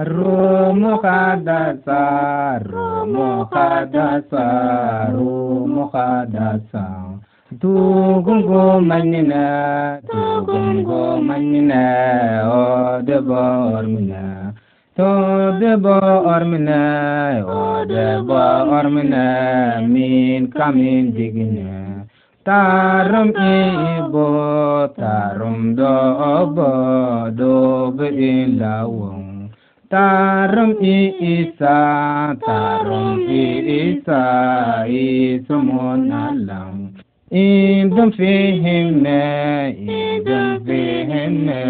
Rumukadasa, Rumukadasa, Rumukadasa. Tugungu manina, tugungu manina, odebo ormina. Todebo ormina, odebo ormina, min kamin digina. Tarum ibo, tarum do obo, dobe ilawong. Tarum isa, tarum isa, isumunalam. Idum fihimne, idum fihimne,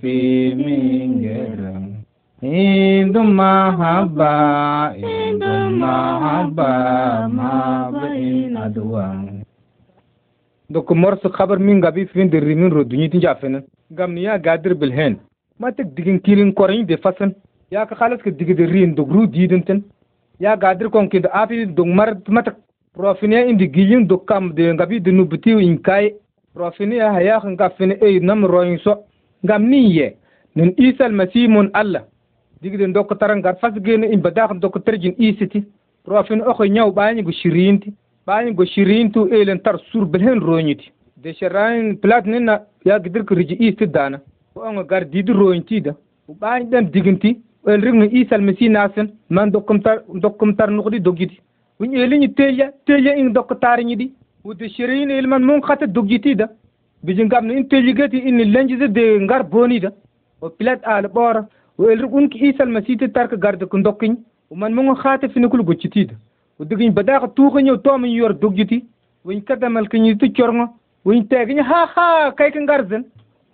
fimingeram. Idum mahaba, idum mahaba, mabain adwam. Dok morsu khabar min gabi fin rimin ro dunyi tinja fenen. Gam niya gadir bilhen. matik digin kirin korin de fasen. ya ka halas ka digde rin do gru didin tin ya gadir kon ki da afi do mar mata profine indi giyin do kam de ngabi de nubti in kai profine ya ya kan ka fine e nam roin so ngam niye nin isal masimun allah digde ndok taran gar fas gene in badak ndok terjin isiti profine o ko nyaw baani go shirinti baani go shirintu elen tar sur belhen roñiti de sharain plat nina ya gidir ko riji isti dana ko on gar didi roñti da baani dan diginti elring isa almasi nasin man dokumtar dokumtar nukdi dogiti win elini teya teya ing doktar nyidi wudi e shirin ilman mun khata dogiti da bijin gamna in tejigeti in lenjize de ngar boni da o pilat al bora o elring un ki isa almasi te tark garde kun dokkin man mun khata finikul guciti da udigin badak tuqin yo tomin yor dogiti win kadamal kinyi tu chorngo win tegin ha ha kai kan garzin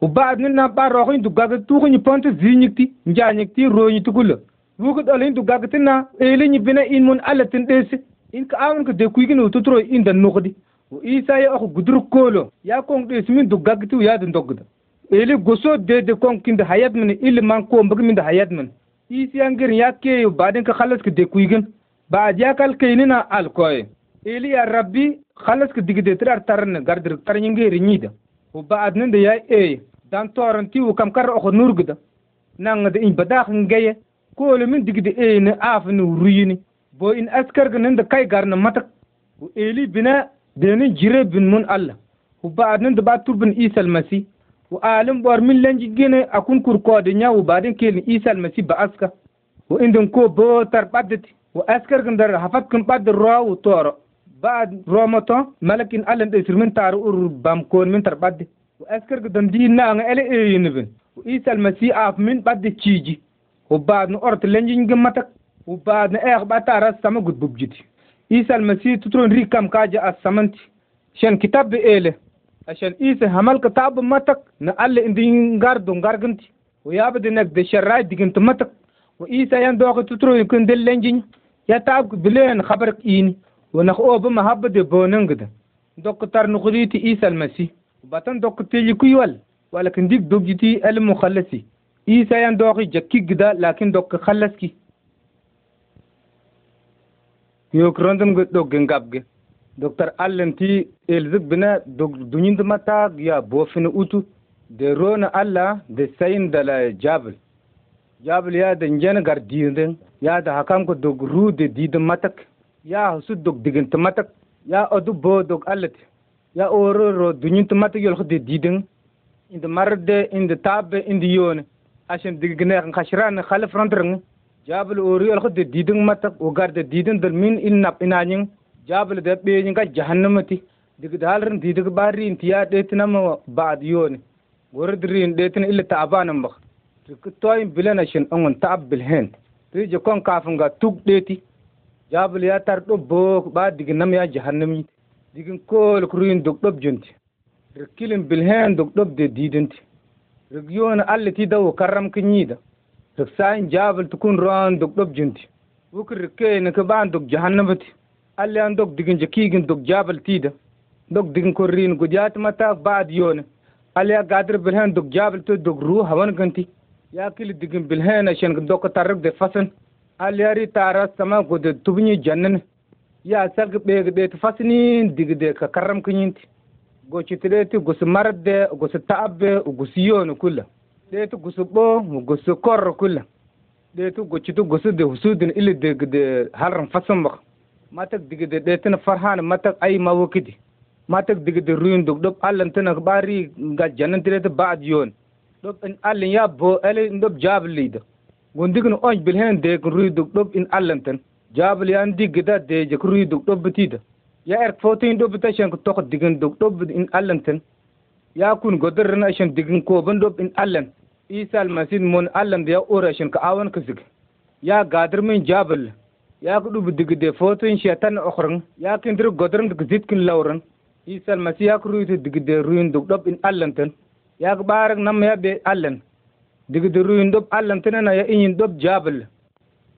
ubaad ni na ba roxin du gaga tuxu ni ponte zi nyikti nja nyikti ro ni tukula wuku dalin du gaga tina ele ni bina in mun alla tin des in ka amun ka de kuigin u tutro in da nuqdi u isa ya aku gudur kolo ya kong desi min du gaga tu ya dan dogda ele goso de de kong kin da hayat min il man ko mbag min da hayat min isi angir ya ke baadin ka khalas ka de kuigin ba ya kal kainina al koy ele ya rabbi khalas ka digde tirar tarne gardir tarnyinge nyida u baad ninda ya ey dan toran tiwu kam kar oko nurgda de in badak ngeye kole min digde eena afni ruyini bo in askar askarga ninda kai garna matak u eli bina denin jire bin mun allah ba baad ninda ba turbin isa almasi u alim bor min lenji gene akun kur kode nya u baadin kelin isa almasi ba aska u indin ko bo tar baddati u askarga ndar hafat kun bad ro u toro baad romoto malakin allah de sirmin taru ur bam kon min tar baddi وأذكر قدام دينا ألا إيه نبن وإيسى المسيح من بعد تشيجي وبعد نقرت لنجين قمتك وبعد نأخ باتار السما قد ببجتي إيسى المسيح تترون ريكام كاجا السمنتي عشان كتاب إيله عشان إيسى همال كتاب متك نقل إندين غاردون غارغنتي ويابد إنك دي شراي ديجنت متك وإيسى يندوغ تترون يكون دي لنجين يتاب بلين خبرك إيني ونخ أوب محبة دي بوننغ ده دكتور نقريتي إيسى المسيح batan dokteji kuyuwal walakin dik dogjiti el mukhallasi isa yan doki jakki gida lakin dokki khallaski yok rondon go doggin gabge doktor allen ti elzik bina dog dunyind mata ya bofin utu de rona alla de sayin dala jabl jabl ya da njen gar dinden ya da hakam ko dog ru de didin matak ya su dog digint matak ya odu bo dog allat ya ororo ro dunyin tu matu yol khde didin in de marde in de tab in de yon ashem dig gne khashran khal frontring jabul ori yol khde didin mata o garde didin dal min in nap inanin jabul de be ni ga jahannamati dig dalrin didig bari in tiya de tinam baad yon gordirin de tin illa tabanam ba tuk toyin bilana shin ongon tab bilhen tu je kon kafun ga tuk deti jabul ya tar do bo ba dig nam ya jahannami digin kol kurin duk dob junti rikilin bilhen duk dob de didinti rigiyon allati dawo karram kinyida duk sayin jabal tukun ron duk dob junti wukir rike ni ka ban duk jahannabati allan duk digin jakigin duk jabal tida duk digin kurin gudiyat mata bad yone alya gadir bilhen duk jabal to duk ru hawan ganti ya kili digin bilhen ashen duk tarik de fasan alya ri tara sama gudu tubni jannan ya sarg ɓeeg ɓeet fasni digde ka karam kiñinti goci ti ɗeeti gus marde gus taabbe gus yoon kulla ɗeeti gus ɓo gus kor kulla ɗeeti gociti gusude husudin ili digde halran fasimbak matak digde ɗeetina farhan matak ay mawokidi matak digde ruyunduk ɗop allantina ɓari gajjanin ti baad yoon ɗop in allin ya bo ele ɗop jaablido gondigin oj bilhen deek ruyuduk ɗop in allantin jaabli an gida de jekru yi duk dobbi ya erk foto yin dobbi tashen ku tok digin duk dobbi in allanten ya kun godar shan digin ko ban dobbi in allan isa almasin mun allan da ya ora shan ka awan ka zig ya gadir min jaabli ya ku dubu digi de foto yin shetan okhrin ya kin dir godar rin ka zitkin lauran isa almasin ya kru yi digi de ruin duk dobbi in allanten ya ku barak nam ya be allan digi de ruin dobbi allanten na ya inyin dobbi jaabli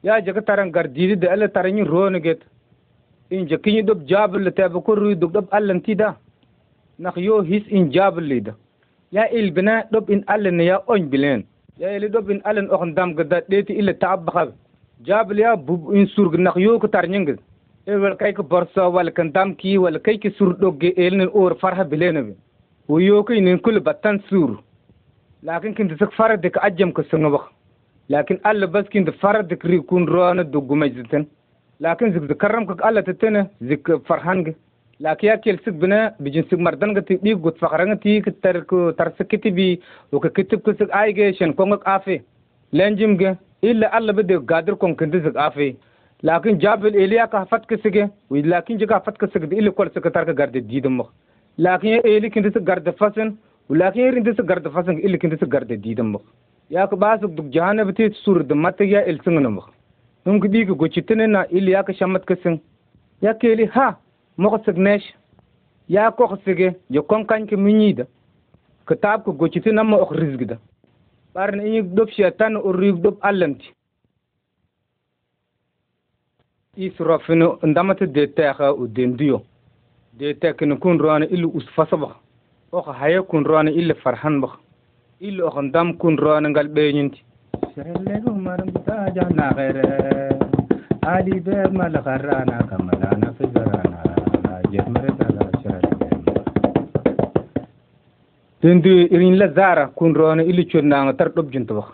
ya jika taran gardidi da ala tara yin ruwan get in jakin yi dub jabul ta ba kurru duk dub allan tida na yo his in jabul da ya ilbina dub in ne ya on bilen ya ili dub in allan on dam ga da deti ta ta'abba jabul ya bub in surg na yo ko tar yin e wala kai ko borso wala ka dam ki wala kai ki sur dogge elin or farha bilen bi wo yo ko nin kul battan sur lakin kin da sak fara da ka ajjam ko sunga ba lakin allah baskin da fara da kiri kun ruwa na duguma zitin lakin zik da karam kak allah tattana zik farhan ga lakin ya kel sik bina bijin sik mardan ga ti dik gut fakran ga ti tar ko tar sikiti bi o ka kitib ko sik ay ga shen kong ga afe lenjim ga illa allah bide gadir kong kindi zik afe lakin jabil eliya ka fat ka sige wi lakin jiga fat ka sige illa kol sik tar ka garde didim mo lakin ya eli kindi sik garde fasin lakin ya rindi sik garde fasin illa kindi sik garde didim mo Ya yaka basu jahane bati sur de ya il singnamuk num gidi ko gochitene na il yaka shamat kasin yaka ili ha muka moko signesh ya ko sige je konkan ke minyida kitab ko gochitena mo ok rizgida barne ini dop shaitan urib dop allanti israfinu ndamata de texa u dendiyo de tekini kun rwana ilu Ba oxa haye kun rwana ilu farhanbax illo ko dam kun rona ngal ɓeñinti selle ko maram ta jana khere ali be mal kharana kamalana figarana jet mare tala shara tendi irin la zara kun rona illi churnanga tar dob jinto wax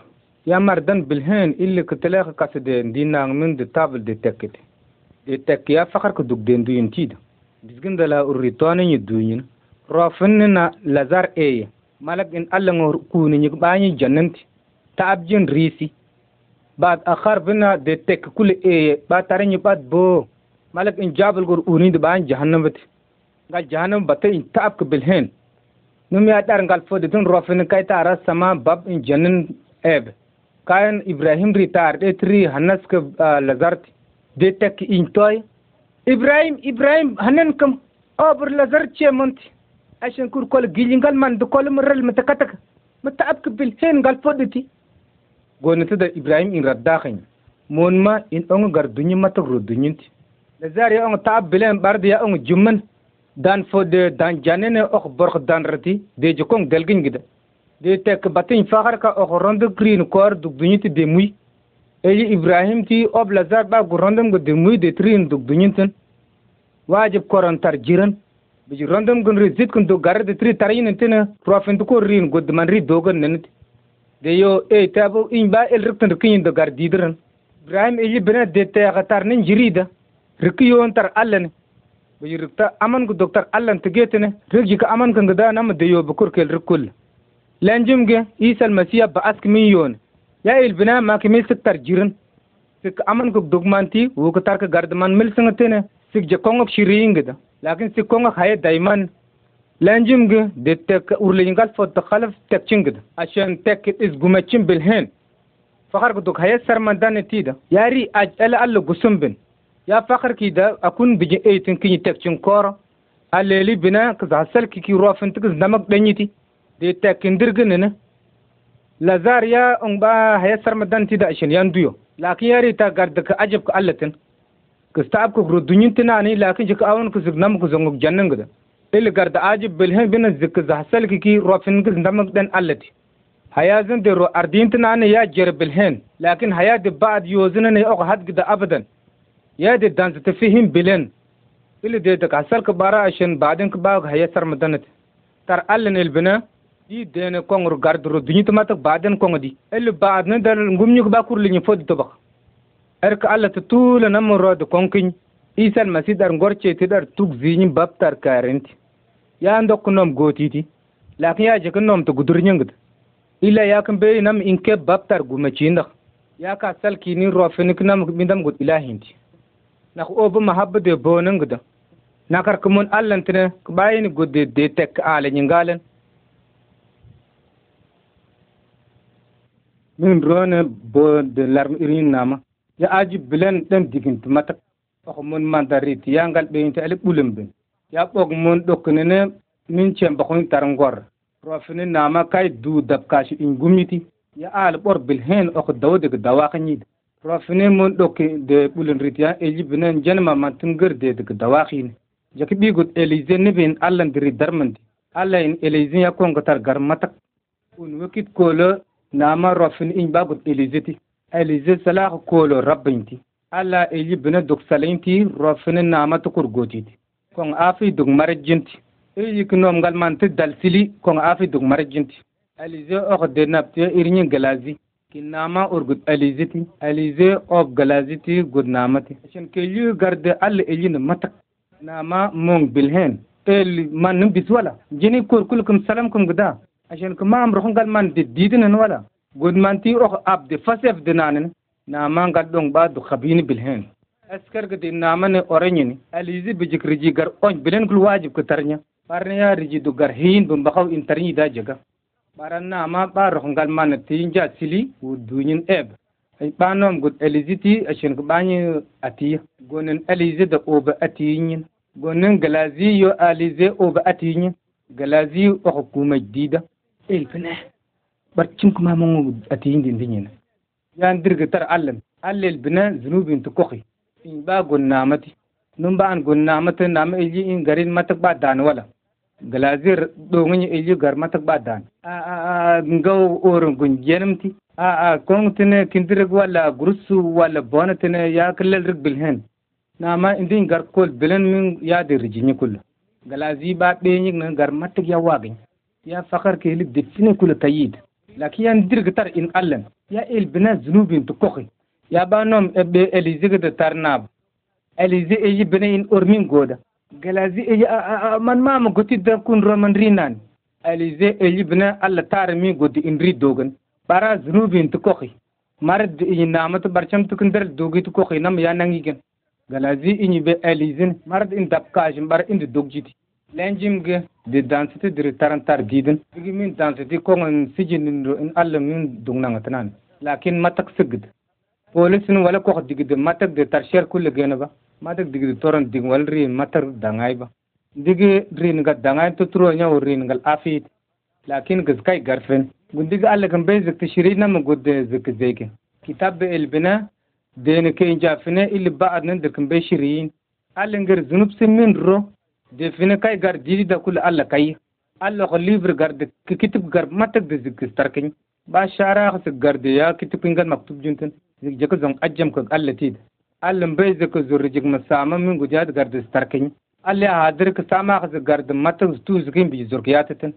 yamar dan bilhen illi ko tele kasde dinang min de table de tekete de tek ya fakar ko dug den duyin tida bisgindala urri urri toni ni duyin rofinna lazar eye malak in allah ngor kuni nyik bani jannanti ta abjin risi bat akhar bina de tek kule e ba tare nyi bat bo malak in jabal gor uni de bani jahannam bat ngal jahannam bat in taab ke bilhen num ya dar ngal fo de tun rofin kai tara bab in jannan eb kayan ibrahim ritar de tri hanas ke lazart de tek in toy ibrahim ibrahim hanan kam obr lazart che ashen kur kol gijingal man du kol murrel mutakatak mutaab bil hen gal foditi gonata da ibrahim in raddakin mon ma in on gar dunyi matak ro dunyinti da zari on taab bilen bardi ya on jumman dan fode dan janene ok borx dan rati de jukong delgin gida de tek batin fakar ka ok rondo green kor du dunyinti de muy eyi ibrahim ti ob lazar ba gu rondam go de muy de trin du dunyintin wajib korantar jiran Biji rondom gun ri zit kun do garar da tri tarayin intina profin ko rin god man ri dogon nanit. De yo e eh, tabo in ba el riktan rikin do gar didiran. Ibrahim eji bina de ta qatar nin jirida. Rikki yon tar allan. Biji rikta aman gu doktor allan tigetene. Rikji ka aman kan gada nam de yo bukur kel rikul. Lanjim ge Isa al-Masiya ba ask min yon. Ya il bina ma kimi tar jirin. Sik aman gu dogmanti wo ka tar ka man mil tene. Sik je kongok ingida. lakin sikkonga haye daiman lenjimgi de tek urlingal fodda khalaf tekchingid ashan tek is gumachin bilhen fakar guduk haye sarmandan tida yari aj ala allu bin. ya fakar kida akun biji eitin kinyi tekchin kor aleli bina kizhasal kiki rofin tikiz namak danyiti de tekindirgin ne lazar ya unba haye sarmandan tida ashin yanduyo lakin yari ta gardaka ajib ka allatin kusta abku ru dunyin tina ni lakin jik awon ku zik namku zongu jannin gudu ilgar da aji bilhin bin zik zahsal kiki rofin gus namuk dan allati hayazin de ru ardin tina ni ya jer bilhin lakin hayad baad yozin ni ok hat gida abadan ya de ta fihim bilen ili de da kasal ka bara ashin badin ka ba hayasar madanat tar allan ilbina di de ne kongru gardu ru dunyin tumatak badin kongu di ili baad ni dal ngumnyu ba kurli ni fodi tobak erka allah ta tula namun roda konkin isan masidar ngorce ti dar tuk zinyin babtar karenti ya dokun nom gotiti lakin ya jikin nom ta gudur nyingd ila ya kan bayi nam inke babtar gumacindak ya ka salki ni rofinik nam mindam gud ilahinti nak obu mahabba de boningda nakar kumun allan tine kubayini gudde de tek ala nyingalen min rone bo de larm irin nama ya aji bilen ɗem diginti mata ok mun mandarit ya ngal ɓeyinti ali ɓulum bin ya ɓok mun ɗokkinene min cem bakun tar ngor profini nama kai du dab kashi in gumiti ya al ɓor bil hen ok dawdik dawakinyid profini mun ɗokki de ɓulun rit ya eli binen jenma mantin gir de dik dawakini jaki ɓigut elize nibin allah diri darmandi allah elize ya kongotar gar matak un wekit kolo nama rofin in ɓagut elizeti elize salah kolo rabbinti ala eli bina duk salinti rofini nama ti kurgotiti kon afi duk marjinti iyi e kinom ngal man ti dalsili kon afi duk marjinti elize ok de napti irnyi galazi kinama urgut aliziti alize ok galaziti gudnamati shin kelu garde al e ni matak naama mong bilhen el man bis wala. jini kurkul kum salam kum guda ashen kuma amruhun gal man dididin wala gudmanti ok abdi fasef dinanin naman dong ba du khabini bilhen askar gadi namane orenyini alizi bijik riji gar onj bilen gul wajib ko tarnya parnya riji du gar hin bum bakaw intarni da jaga baran nama ba rohngal man tinja sili u dunyin eb ay banom gud alizi ti ashin ko banyi ati gonen alizi da oba nyin. gonen galazi yo alizi oba nyin. galazi ok kuma dida ilfina barcim kuma mun ati indi din yana yan dirga tar allan allel bina zunubin to koxi in ba gunnamati nun ba an gunnamati na ma ilji in garin matak ba dan wala galazir ngi eji gar matak ba dan a a a ngaw orun gun jenamti a a kong tine kindirg wala gurusu wala bona tine ya kallal rig bilhen na ma indi gar kol bilen min ya de rijini kullu galazi ba de ɗeyin gar matak ya wagin ya fakar ke hilik define kullu tayid lakin yan dirgitar in allan ya il bina zunubin tu koki ya ba nom ebe elizi gida tarnab elizi eji bina in ormin goda galazi eji man mama goti da kun roman rinan elizi eji bina alla tarmi godi in ri dogan bara zunubin tu koki mar yi namatu barcam tu kindar dogi tu koki nam ya nangigen galazi inyi be elizin mar in bar in lenjimge di dansiti diri taran tar didin digi min dansiti kongon sijinindro in alla min dugnangatinan lakin matak sigid polisin wala kok digidi matak de tar kulle gena ba matak digidi toran dig wal ri matar dangai ba digi rin ga dangai to turo nyaw rin gal afit lakin giskai garfen gundig alla kan bezik tishiri nam gudde zik zeke kitab be elbina ne ke injafine illi ba'ad nan kan be shiriin alla ngir zunub simin ro Defini kai gar jiri da kul Allah kai Allah ko libre gar de kitib gar matak de zik starkin ba shara khas gar de ya kitib ingal maktub juntin zik jaka zon ajjam ka Allah tid Allah bai zik zur jik masama min gujad gar de starkin Allah ya hadir ko sama khas gar de matak tu zikin bi zurkiyatatin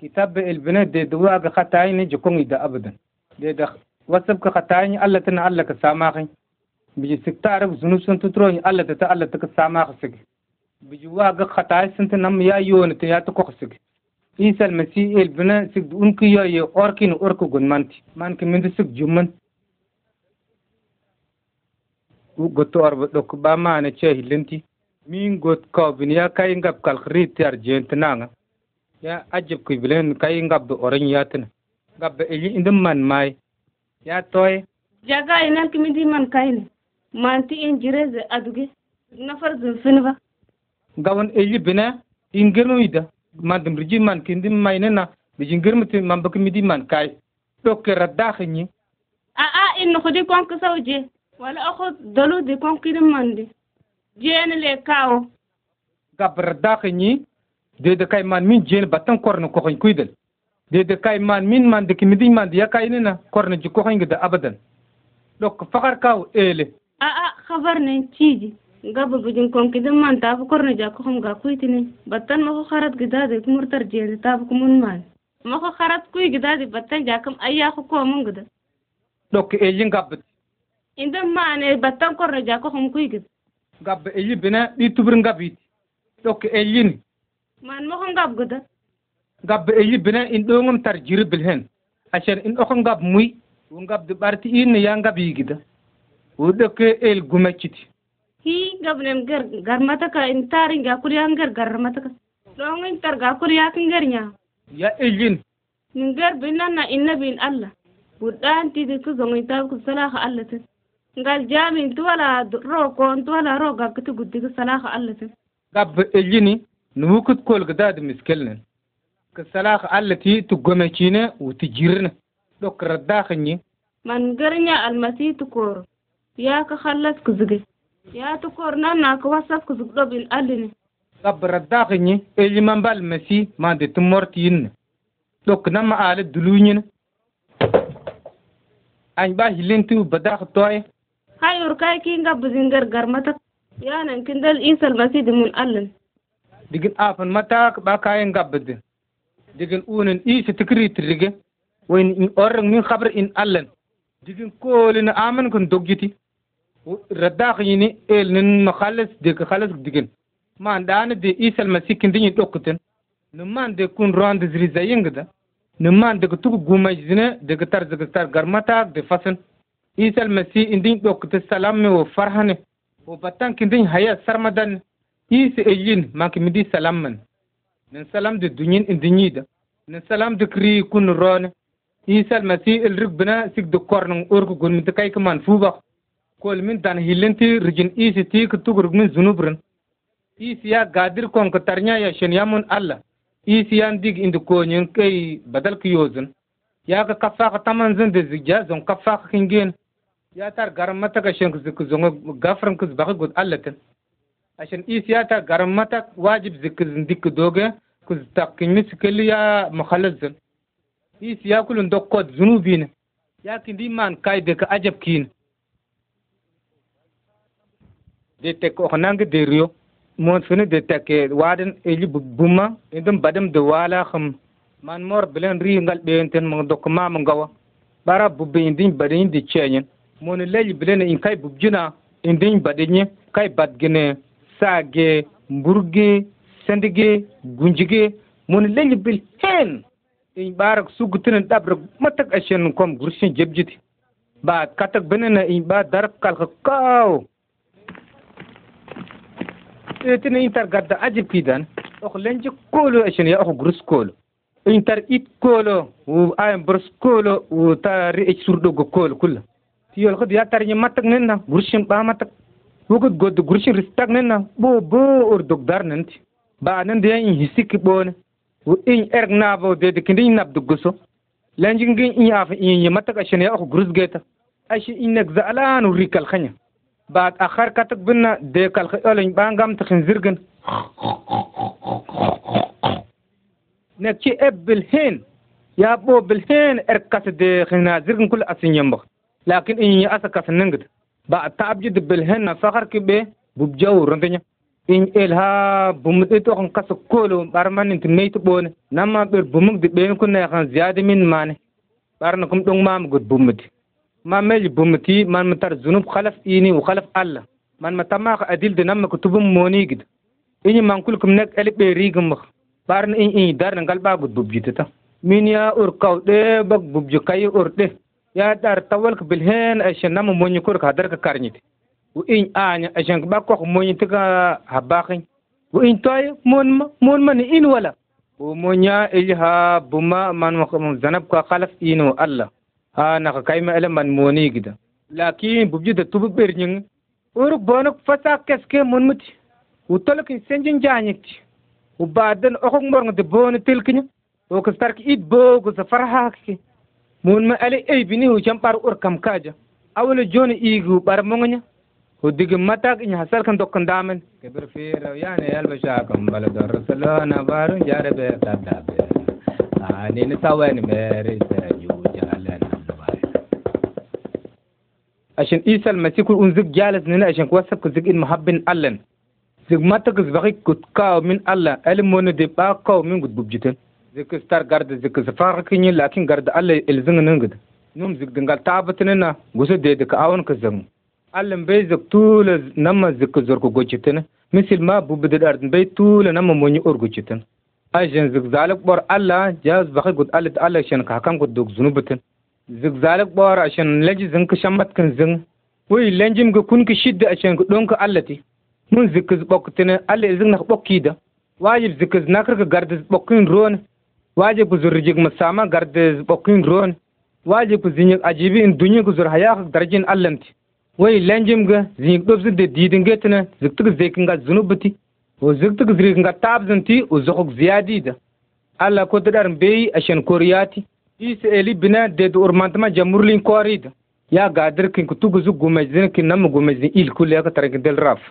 kitab el bina de duwa ga khatayin jikon da abadan de da wasab ka khatayin Allah tana Allah ka sama khin bi siktar zunub sun tutro Allah ta Allah ta ka sama khas bijuwa ga khata sinta nam ya yonita ya ta kwaksig isal masi el bina sig unki yo ye orkin orko gun manti man ki mindu sig jumman u gotu arba dok ba mana che hilinti min got ka bin ya kai ngab kal khrit yar jentna nga ya ajib ku bilen kai ngab do orin yatna ngab e indum man mai ya toy jaga inan ki mindi man kai manti en jireze aduge na zun finwa gawan eli bine ingirmu ida man dum riji man kindim mainena bijingirmu ti man baki midi man kai dokke radda khinyi a a in khudi kon ko sawje wala akhu dolu di kon kidim mandi jene le kawo gabar da khinyi de kai man min jene batan korno ko khin kuidel de de kai man min man de kimidi man ya kai nena korno ji ko khin da abadan dok fakar kawo ele a a khabar nen tiji ngabu bujin kom ke dem man tabu korno jakko hom ga kuitini battan mo ko kharat gida de kumur tar je de tabu kumun man mo ko kharat kuy gida de battan jakam ayya ko ko mun gida dokki e jin gabbe inda mane eh, battan korno jakko hom kuy gida gabbe e yi bina di tubur gabbi dokki e yin man mo ko gab gida gabbe e yi bina in do ngam tar jiru bil hen asher in o ko gab muy wo gab de barti in ya gabbi gida wo dokke el gumecciti hinga bunem gar garmata ka intari ga kuriyan gar garmata ka don intar ga kuriya kin garnya ya ijin min gar binan na innabin allah budan ti di ku zongi ta ku salaha allah tin ngal jamin tu wala ro kon tu wala ro ga kutu guddi ku salaha allah tin gab ijini nuwukut kol gdad miskelnen ku salaha allah ti tu gomechine u ti jirna dok radda khnyi man garnya almasi tu koro ya ka khallas ku zige ya tu korna na ko wasaf ko zugdo bin alini gabra daqni e liman bal mesi ma de tu mortin ma ale duluñin an ba hilintu badax toy hay ur kay ki nga bu mata ya nan kindal insal basi de mul alin digin afan mata ba kay ngabde unen isi tikri trige wayni in orang min khabar in allan digin kolina amen kon dogiti radda khini el nin no khalas de khalas digin man dana de isal masikin din dokkutin nin man de kun ronde zriza yingda nin man de tugu gumay zine de tar de tar garmata de fasin isal masi indin dokkut salamme wo farhane wo batan kindin haya sarmadan isi ejin di salam man nin salam de dunyin indinyida nin salam de kri kun rone isal masi el rigbina sik de kornung urku gun mitkai man fuba min dan hilinti rigin isi ti kutugur min zunubrin isi ya gadir kon ko tarnya ya shen yamun Allah isi ya dig inda konyin kai badal ku yozun ya ka kafa ka taman zin da zigya zon kafa ka kingen ya tar garan mata ka shen ku zon gafran ku baka gud Allah tin ashen isi ya tar garan mata wajib zik zin dik doge kuz takin miskeli ya mukhalaz zin isi ya kulun dokkot zunubin ya kindi man kai de ka ajab kin de tek ok nang deriyo mon sunu de take waden eli buma indum badam de wala kham man mor blen ri ngal enten mo dok ma mo gawa bara bubbe indin badin di chenyen mon lej blen in kai bubjuna indin badinye kai badgene sage mburge sendige gunjige mon lej bil hen in barak sugutin dabrak matak ashen kom gursin jebjiti ba katak benena in ba dar kalka kaw tɩ yĩtar gadda a jib kidan ok lenji kolo a ya ok gurus kolo yĩtar it kolo, wu ayen kolo, koolo wu ta rɩ surdogo kolo kulla tɩ yolgd yaa tar yẽ matg nẽnna gurus sẽn ɓaa matg wogd god gurus sẽn rɩs tag bo bo boo or dogdar nẽnd tɩ baa nẽnd yaa ĩ hisiki ɓoone wu in erg naabo deede kẽndi yẽ nabd goso lenji ngẽ ĩ af ĩ yẽ matg a ya ok gurus geta a sẽn nek za'alaan rikal baat a katak binna de kal ɗalin ban gam tkhn zirgen Na ci ebbil hin ya bo bil hin erkat de zirgin zirgen kul asin yamba lakin in yi asa nan gida. ba a tabjid bil na fakhar ki be bub jaw rondenya in elha bumud ito kan kasa kolo barman int meit bone ma ber bumug de ben kun na khan ma min mane barna kum dong mam gud bumud man meji bumti man matar zunub khalaf ini u khalaf allah man matama ka adil de namma kutubum moni gid ini man kul kum nek elbe rigum barn in in dar ngal ba gud bubjitata min ya ur kawde bag bubju kay urde ya dar tawal ka bilhen ashan nam moni kur ka dar ka karnit u in anya ashan ba ko moni tika habakin u in toy mon mon man in wala u monya ilha buma man zanab ka khalaf u allah ها نخا كايما إلا من مونيجدا لكن بوجد تبو بيرنين ورك بونك فسا كسكي منمت وتلك سنجن جانيت وبعدين أخوك مرن دبون تلكني وكستارك إيد بوك وزفرهاكي mun ma ali ei bini hu jam par ur kam kaja awle joni igu par mongnya hu digi matak in hasal kan dokkan damen kebir fira yani yalba shakam bala dar salana barun jarabe tadabe ani ni meri ashin isal masikul un zik jales nina ashin kwasab ku zik in muhabbin allan zik matak zbaki kut kaw min allan alim mwono de ba kaw min gud bubjitin zik star garda zik zafar kinyi lakin garda allan il zing nungid num zik dingal tabat nina gusu dede ka awan ka zang allan bay zik tula nama zik zor ku gujitin misil ma bubidid ardin bay tula nama mwonyi ur gujitin ashin zik zalik bor allan jaz baki gud allit allan shen kakam gud duk zunubitin zigzalik bawar shan lanji zin ka shan kin zin Wai lenjim ga kun ki shidda a shan don ka Allah ti mun zikiz bok tini Allah izin na bok da wajib zikiz nakir ki gardiz bokin ron wajib ki zurrijik musama gardiz bokin ron wajib ki zinyik ajibi in dunyi ki zur hayak darjin Allah ti wi lenjim da didi dobzi de didin getini zai zekin ga zunubiti o ziktik zirikin ga tabzin ti o zokuk ziyadi da Allah ko dadar mbeyi koriya koriyati Is eli bina dedu urmantma jamurlin kwarid ya gadir kin kutu guzu gumezin kin nam gumezin il kul ya ka tarik del raf